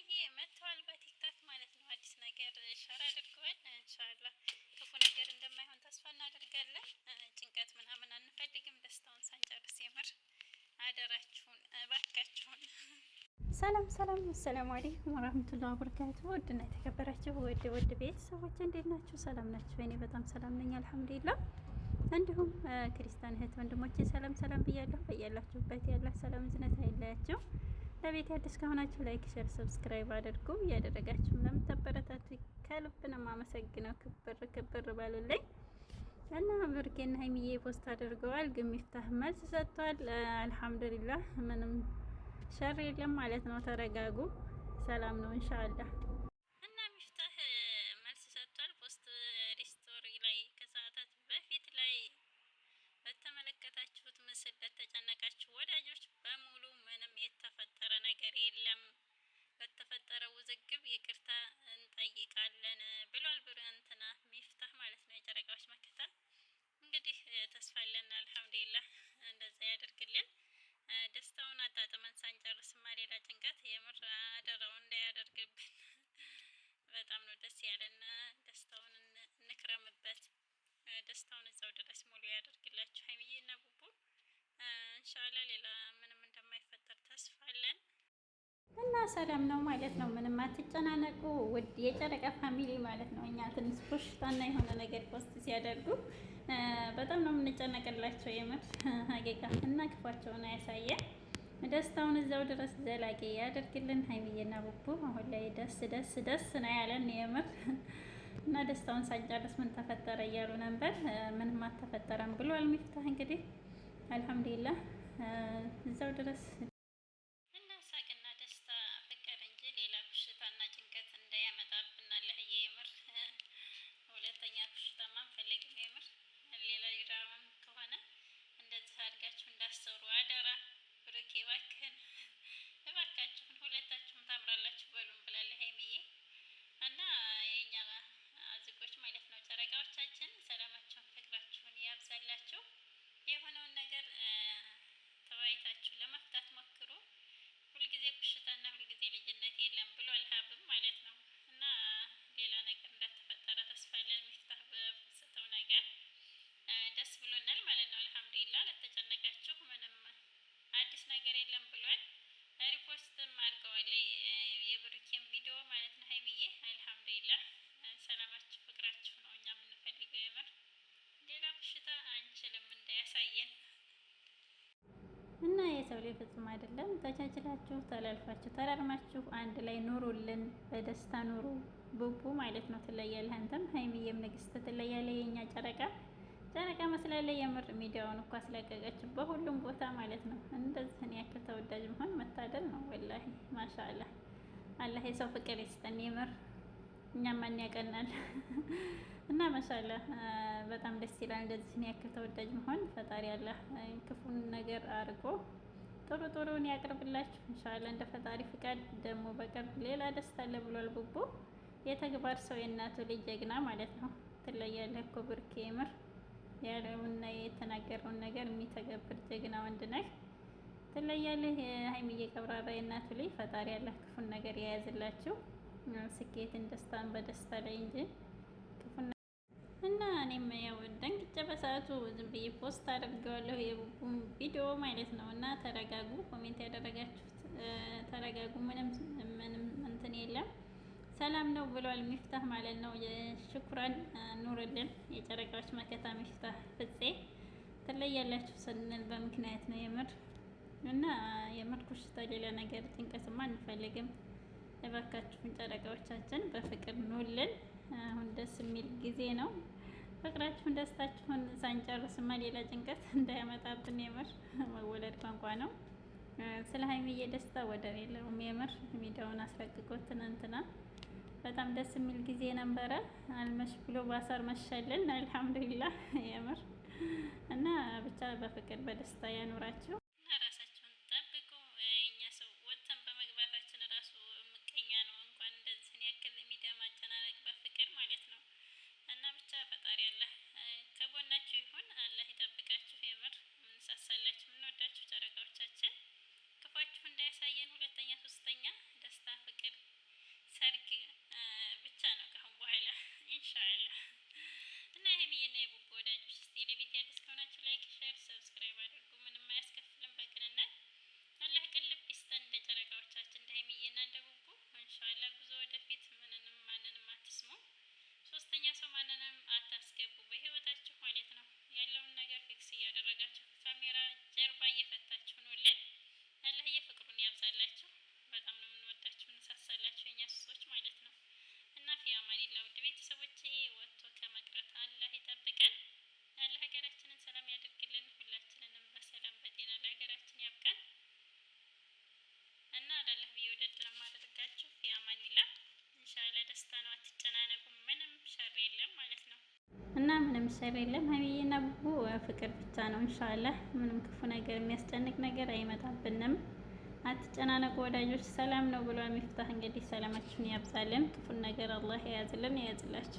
ሀይሚዬ መጥተዋል በቲክታክ ማለት ነው። አዲስ ነገር ሸር አድርገዋል። እንሻላ ክፉ ነገር እንደማይሆን ተስፋ እናደርጋለን። ጭንቀት ምናምን አንፈልግም። ደስታውን ሳንጨርስ የምር አደራችሁን እባካችሁን። ሰላም ሰላም፣ አሰላሙ አለይኩም ወራህመቱላሂ ወበረካቱ። ውድና የተከበራችሁ ውድ ውድ ቤተሰቦች እንዴት ናችሁ? ሰላም ናችሁ? እኔ በጣም ሰላም ነኝ አልሐምዱሊላህ። እንዲሁም ክርስቲያን እህት ወንድሞቼ ሰላም ሰላም ብያለሁ። በያላችሁበት ያላ ሰላም ዝነት አይለያችሁ። ለቤት አዲስ ከሆናችሁ ላይክ፣ ሸር፣ ሰብስክራይብ አድርጉ። እያደረጋችሁ ለምታበረታቱ ከልብ ነው የማመሰግነው። ክብር ክብር ባሉልኝ እና ብርኬና ሀይሚዬ ፖስት አድርገዋል፣ ግን ሚፍታህ መልስ ሰጥቷል። አልሐምዱሊላህ ምንም ሸር የለም ማለት ነው። ተረጋጉ፣ ሰላም ነው ኢንሻአላህ። ተስፋ አለን። አልሐምዱሊላህ እንደዛ ያደርግልን። ደስታውን አጣጥመን ሳንጨርስማ ሌላ ጭንቀት የምር አደራውን እንዳያደርግብን። በጣም ነው ደስ ያለና ደስታውን እንክረምበት። ደስታውን እዛው ድረስ ሙሉ ያደርግላችሁ ሀይሚዬ እና ቡቡ። እንሻላ ሌላ ምንም እንደማይፈጠር ተስፋ አለን። እና ሰላም ነው ማለት ነው። ምንም አትጨናነቁ ውድ የጨረቃ ፋሚሊ ማለት ነው። እኛ ትንሽ ፖሽታና የሆነ ነገር ፖስት ሲያደርጉ በጣም ነው የምንጨነቅላቸው የምር ሀቂቃ እና ክፋቸውን አያሳየን ደስታውን እዛው ድረስ ዘላቂ ያደርግልን። ሀይሚዬና ቡቡ አሁን ላይ ደስ ደስ ደስ ነው ያለን የምር እና ደስታውን ሳንጨርስ ምን ተፈጠረ እያሉ ነበር። ምንም አልተፈጠረም ብሏል ሚፍታህ እንግዲህ አልሐምዱሊላህ እዛው ድረስ ድራማም ከሆነ እንደዚህ አድርጋችሁ እንዳሰሩ ላይ ፍጹም አይደለም። ተቻችላችሁ፣ ተላልፋችሁ፣ ተራርማችሁ አንድ ላይ ኑሩልን፣ በደስታ ኑሩ። ቡቡ ማለት ነው ትለያለህ፣ አንተም ሀይሚዬም ንግስት ትለያለህ። የእኛ ጨረቃ ጨረቃ መስላለህ። የምር ሚዲያውን እኮ አስለቀቀች በሁሉም ቦታ ማለት ነው። እንደዚህን ያክል ተወዳጅ መሆን መታደል ነው ወላሂ። ማሻአላህ አላህ የሰው ፍቅር ይስጠን የምር እኛ ማን ያቀናል እና ማሻላ በጣም ደስ ይላል። እንደዚህ ያክል ተወዳጅ መሆን ፈጣሪ ያለ ክፉን ነገር አድርጎ። ጥሩ ጥሩን ያቅርብላችሁ። እንሻላ እንደ ፈጣሪ ፍቃድ ደግሞ በቅርብ ሌላ ደስታ አለ ብሏል ቡቡ። የተግባር ሰው የእናቱ ልጅ ጀግና ማለት ነው። ትለያለህ እኮ ብሩኬ፣ የምር ያለውና የተናገረውን ነገር የሚተገብር ጀግና ወንድ ነህ። ትለያለህ። ሀይሚዬ ቀብራራ የእናቱ ልጅ። ፈጣሪ ያለህ ክፉን ነገር የያዝላችሁ ስኬትን፣ ደስታን በደስታ ላይ እንጂ እና እኔም ያው ደንግጬ በሰዓቱ ዝም ብዬ ፖስት አድርገዋለሁ የቡቡም ቪዲዮ ማለት ነው። እና ተረጋጉ፣ ኮሜንት ያደረጋችሁት ተረጋጉ። ምንም ምንም እንትን የለም ሰላም ነው ብሏል ሚፍታህ ማለት ነው። የሽኩራን ኑርልን የጨረቃዎች መከታ ሚፍታህ ፍፄ ትለያላችሁ ስንል በምክንያት ነው የምር እና የምር ኩሽታ ሌላ ነገር ጭንቀትማ አንፈልግም። እባካችሁን ጨረቃዎቻችን በፍቅር ኑልን። አሁን ደስ የሚል ጊዜ ነው። ፍቅራችሁን ደስታችሁን ሳንጨርስማ ሌላ ጭንቀት እንዳያመጣብን። የምር መወለድ ቋንቋ ነው። ስለ ሀይሚዬ ደስታ ወደር የለውም። የምር ሜዳውን አስረቅቆት ትናንትና በጣም ደስ የሚል ጊዜ ነበረ። አልመሽ ብሎ ባሳር መሻልን አልሐምዱሊላህ የምር እና ብቻ በፍቅር በደስታ ያኑራችሁ። ደስታ ነው። አትጨናነቁ፣ ምንም ሸር የለም ማለት ነው። እና ምንም ሸር የለም። ቡቡ ፍቅር ብቻ ነው። ኢንሻአላህ ምንም ክፉ ነገር የሚያስጨንቅ ነገር አይመጣብንም። አትጨናነቁ ወዳጆች፣ ሰላም ነው ብሏ ሚፍታህ። እንግዲህ ሰላማችሁን ያብዛልን፣ ክፉን ነገር አላህ የያዝልን የያዝላችሁ።